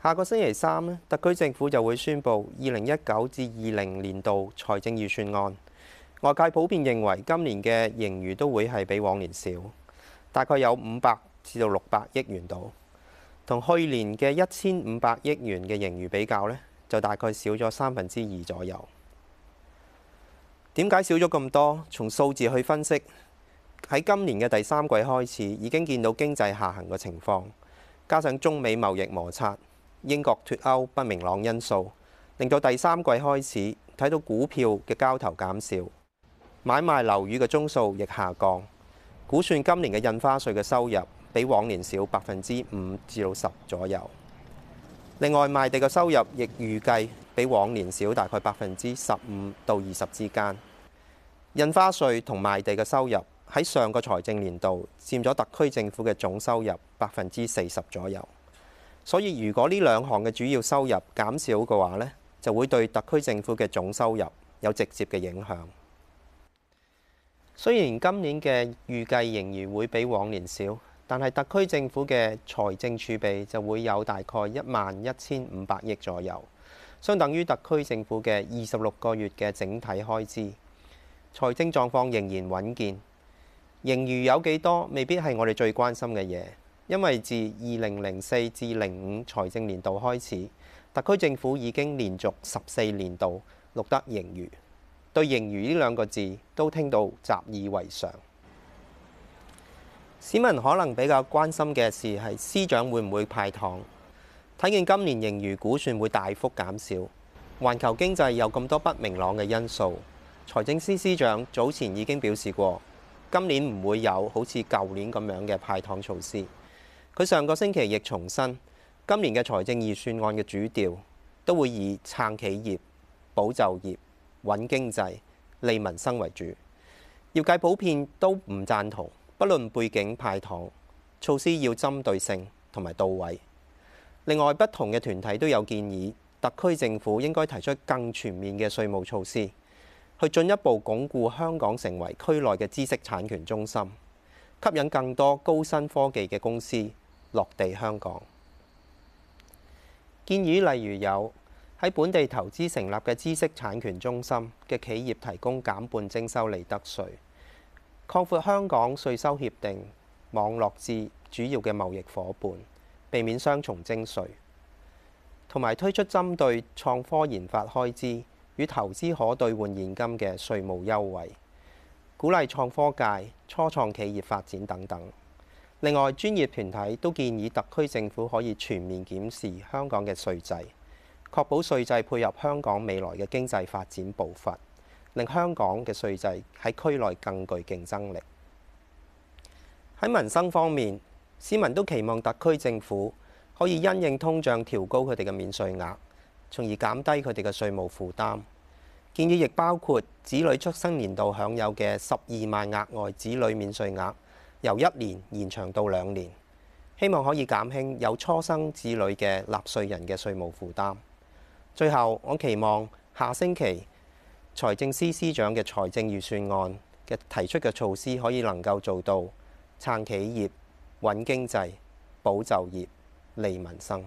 下個星期三呢，特區政府就會宣布二零一九至二零年度財政預算案。外界普遍認為今年嘅盈餘都會係比往年少，大概有五百至到六百億元度，同去年嘅一千五百億元嘅盈餘比較呢就大概少咗三分之二左右。點解少咗咁多？從數字去分析，喺今年嘅第三季開始已經見到經濟下行嘅情況，加上中美貿易摩擦。英國脱歐不明朗因素，令到第三季開始睇到股票嘅交投減少，買賣樓宇嘅宗數亦下降。估算今年嘅印花稅嘅收入比往年少百分之五至到十左右。另外，賣地嘅收入亦預計比往年少大概百分之十五到二十之間。印花稅同賣地嘅收入喺上個財政年度佔咗特區政府嘅總收入百分之四十左右。所以如果呢兩項嘅主要收入減少嘅話呢，呢就會對特區政府嘅總收入有直接嘅影響。雖然今年嘅預計仍然會比往年少，但係特區政府嘅財政儲備就會有大概一萬一千五百億左右，相等於特區政府嘅二十六個月嘅整體開支。財政狀況仍然穩健，盈餘有幾多未必係我哋最關心嘅嘢。因為自二零零四至零五財政年度開始，特區政府已經連續十四年度錄得盈餘。對盈餘呢兩個字都聽到習以為常。市民可能比較關心嘅事係司長會唔會派糖？睇見今年盈餘估算會大幅減少，環球經濟有咁多不明朗嘅因素，財政司司長早前已經表示過，今年唔會有好似舊年咁樣嘅派糖措施。佢上個星期亦重申，今年嘅財政預算案嘅主調都會以撐企業、保就業、穩經濟、利民生為主。業界普遍都唔贊同，不論背景派糖措施要針對性同埋到位。另外，不同嘅團體都有建議，特區政府應該提出更全面嘅稅務措施，去進一步鞏固香港成為區內嘅知識產權中心，吸引更多高新科技嘅公司。落地香港，建議例如有喺本地投資成立嘅知識產權中心嘅企業提供減半徵收利得稅，擴闊香港稅收協定網絡至主要嘅貿易夥伴，避免雙重徵稅，同埋推出針對創科研發開支與投資可兌換現金嘅稅務優惠，鼓勵創科界初創企業發展等等。另外，專業團體都建議特區政府可以全面檢視香港嘅稅制，確保稅制配合香港未來嘅經濟發展步伐，令香港嘅稅制喺區內更具競爭力。喺民生方面，市民都期望特區政府可以因應通脹，調高佢哋嘅免稅額，從而減低佢哋嘅稅務負擔。建議亦包括子女出生年度享有嘅十二萬額外子女免稅額。由一年延長到兩年，希望可以減輕有初生子女嘅納稅人嘅稅務負擔。最後，我期望下星期財政司司長嘅財政預算案嘅提出嘅措施可以能夠做到撐企業、穩經濟、保就業、利民生。